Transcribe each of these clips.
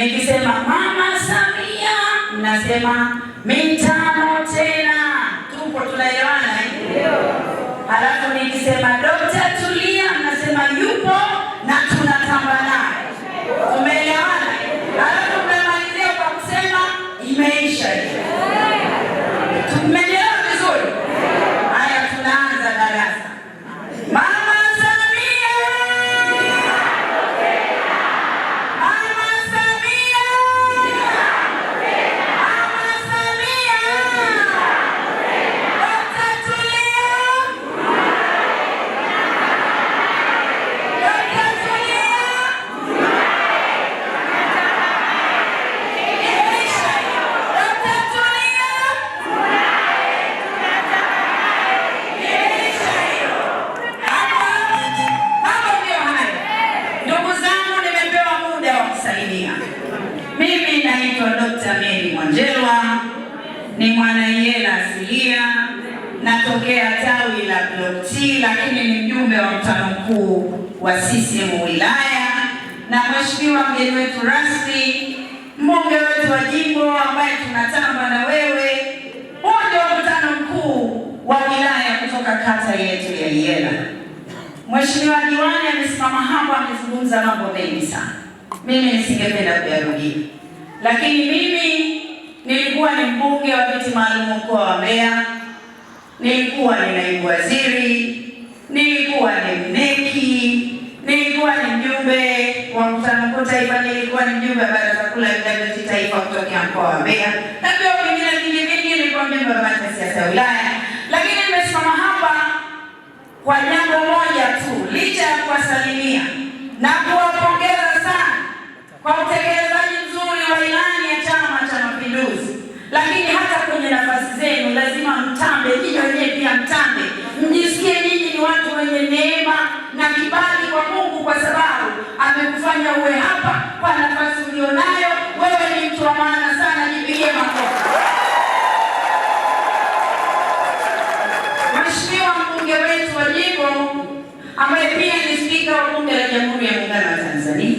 Nikisema Mama Samia mnasema mitano tena, tupo tunaelewana eh? Halafu nikisema Dokta Tulia mnasema yupo na tunatambana ni mwanaiela asilia, natokea tawi la Block T, lakini ni mjumbe wa mkutano mkuu wa CCM wilaya, na mheshimiwa mgeni wetu rasmi, mbunge wetu wa jimbo ambaye tunatamba na wewe, mbunge wa mkutano mkuu wa wilaya kutoka kata yetu ya Iela. Mheshimiwa diwani amesimama hapo, amezungumza mambo mengi sana, mimi nisingependa kuyarudia, lakini mimi nilikuwa ni mbunge wa viti maalum mkoa wa Mbeya, nilikuwa ni naibu waziri, nilikuwa ni mneki, nilikuwa ni mjumbe wa mkutano mkuu taifa, nilikuwa ni mjumbe wa baraza kuu la UWT taifa kutokea mkoa wa Mbeya, na pia vingine vingi vingi, nilikuwa mjumbe wa kamati ya siasa ya wilaya, lakini nimesimama hapa kwa jambo moja kufanya uwe hapa kwa nafasi ulionayo. Wewe ni mtu wa maana sana, jipigie makofi. Mheshimiwa mbunge wetu wa jimbo ambaye pia ni spika wa bunge la Jamhuri ya Muungano wa Tanzania,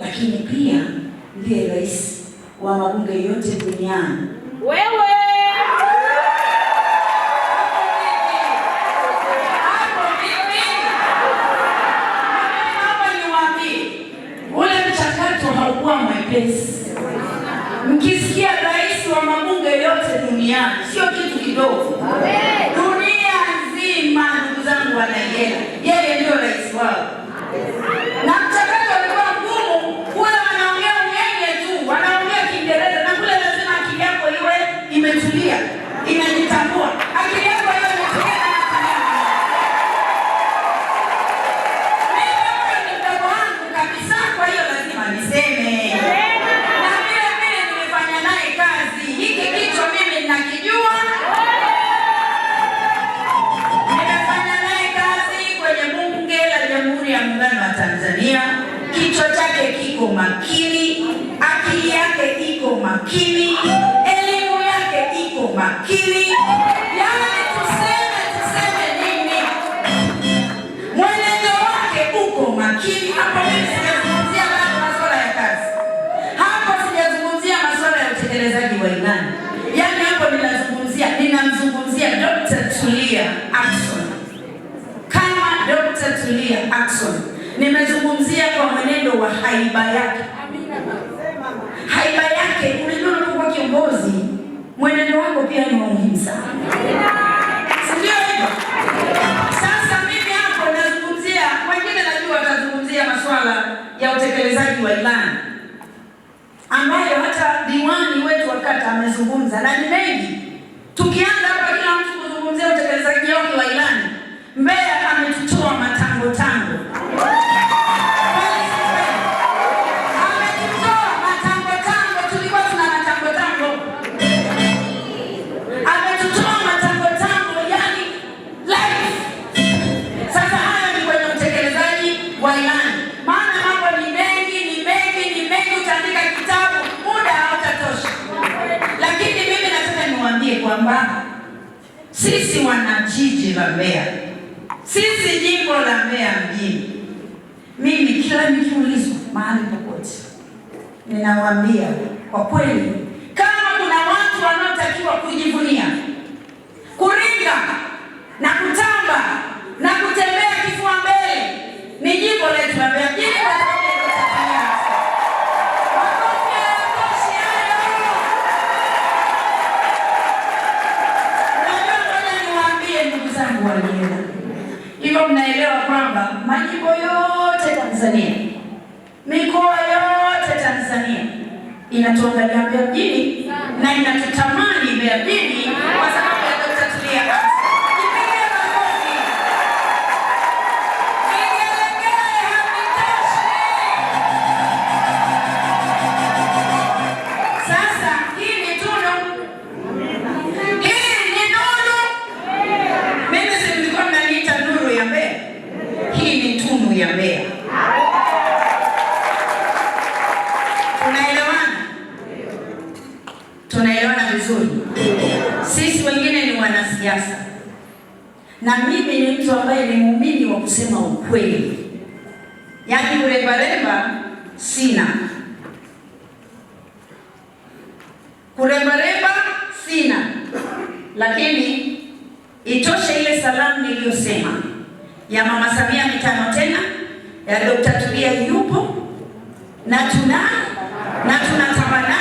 lakini pia ndiye rais wa mabunge yote duniani, wewe Yesu. Mkisikia rais wa mabunge yote duniani, sio kitu kidogo, dunia nzima, ndugu zangu, wanaiela makini, elimu yake iko makini. Yaani tuseme tuseme nini, mwenendo wake uko makini. Hapo sijazungumzia bado masuala ya kazi, hapo sijazungumzia masuala ya utekelezaji wa imani. Yaani hapo ninazungumzia, ninamzungumzia Dr. Tulia Ackson kama Dr. Tulia Ackson nimezungumzia kwa mwenendo wa haiba yake ambayo hata diwani wetu wa kata amezungumza na ni mengi. Tukianza hapa kila mtu kuzungumzia utekelezaji wake wa ilani Mbeya ame sisi wanajiji la Mbeya, sisi jimbo la Mbeya mjini, mimi kila nikiulizwa mahali popote, ninawaambia kwa kweli, kama kuna watu wanaotakiwa kujivunia kwamba majimbo yote Tanzania, mikoa yote Tanzania inatuangalia Mbeya mjini na inatutamani Mbeya mjini. na mimi ni mtu ambaye ni muumini wa kusema ukweli, yaani kulembaremba sina, kurembaremba sina, lakini itoshe ile salamu niliyosema ya Mama Samia mitano tena, ya Dr. Tulia yupo na tuna na tunatabana